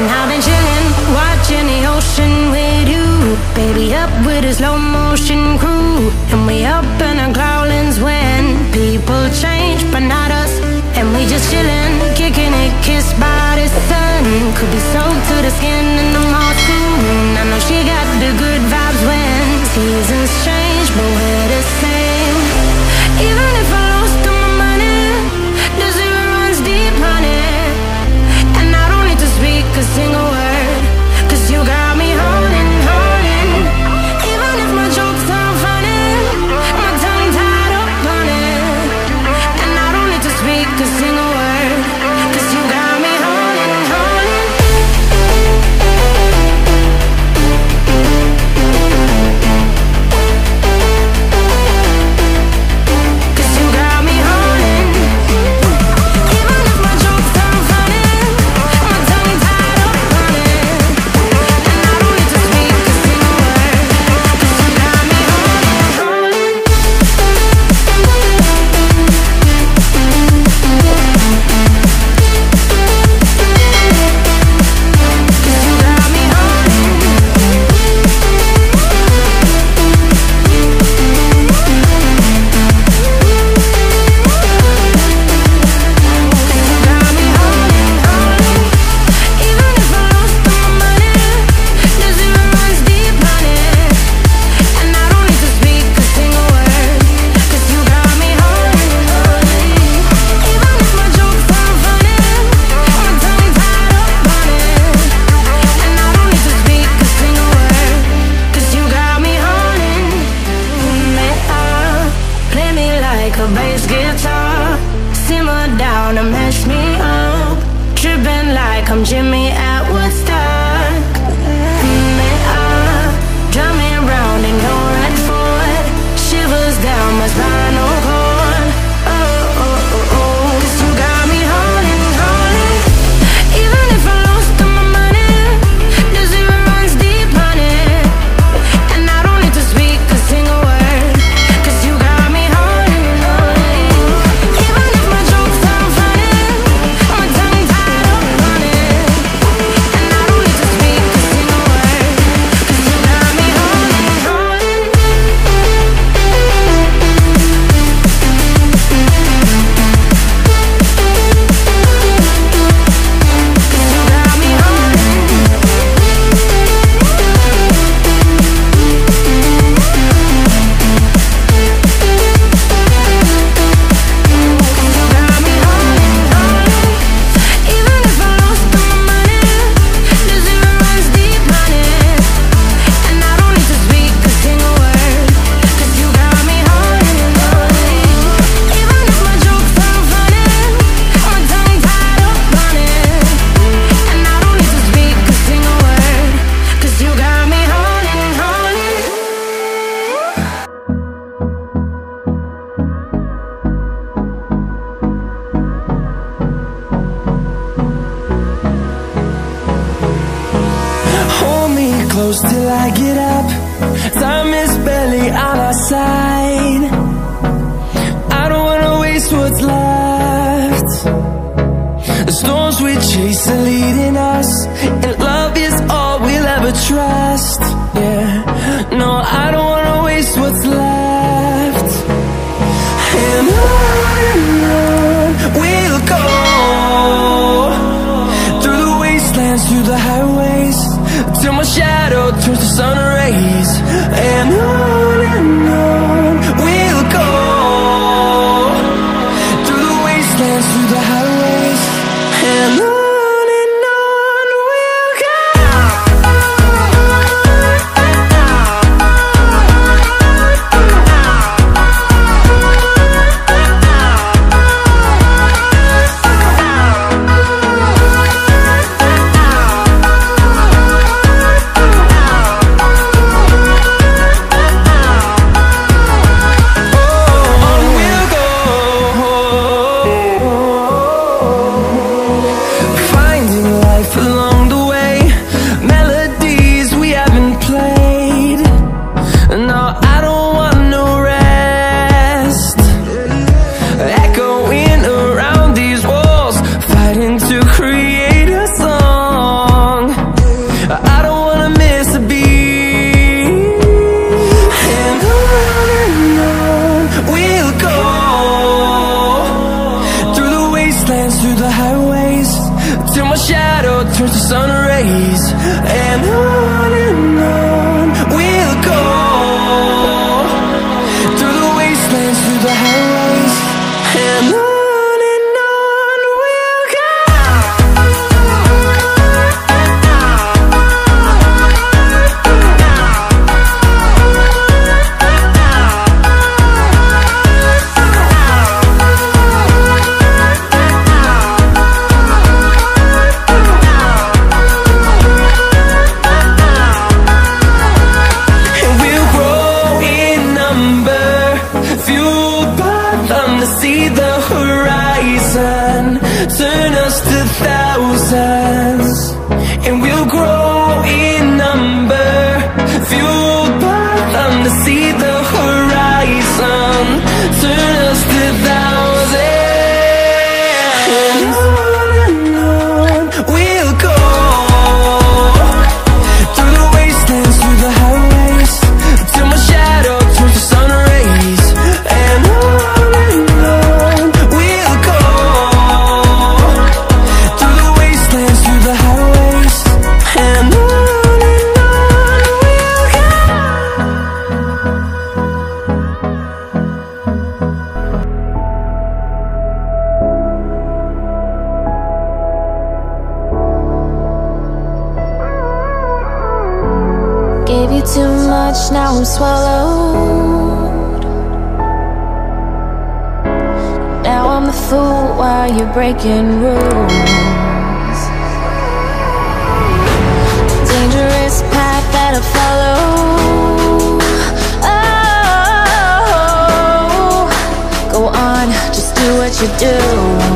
And I've been chillin', watching the ocean with you. Baby, up with a slow motion crew. And we up in our growlings when people change, but not us. And we just chillin', kicking it, kissed by the sun. Could be soaked to the skin. A bass guitar Simmer down and mess me up tripping like I'm Jimmy Atwood close till I get up Time is barely on our side I don't wanna waste what's left The storms we chase are leading us And love is all we'll ever trust catch the sun rays and I and we'll gave you too much, now I'm swallowed Now I'm the fool while you're breaking rules Dangerous path that I follow oh, Go on, just do what you do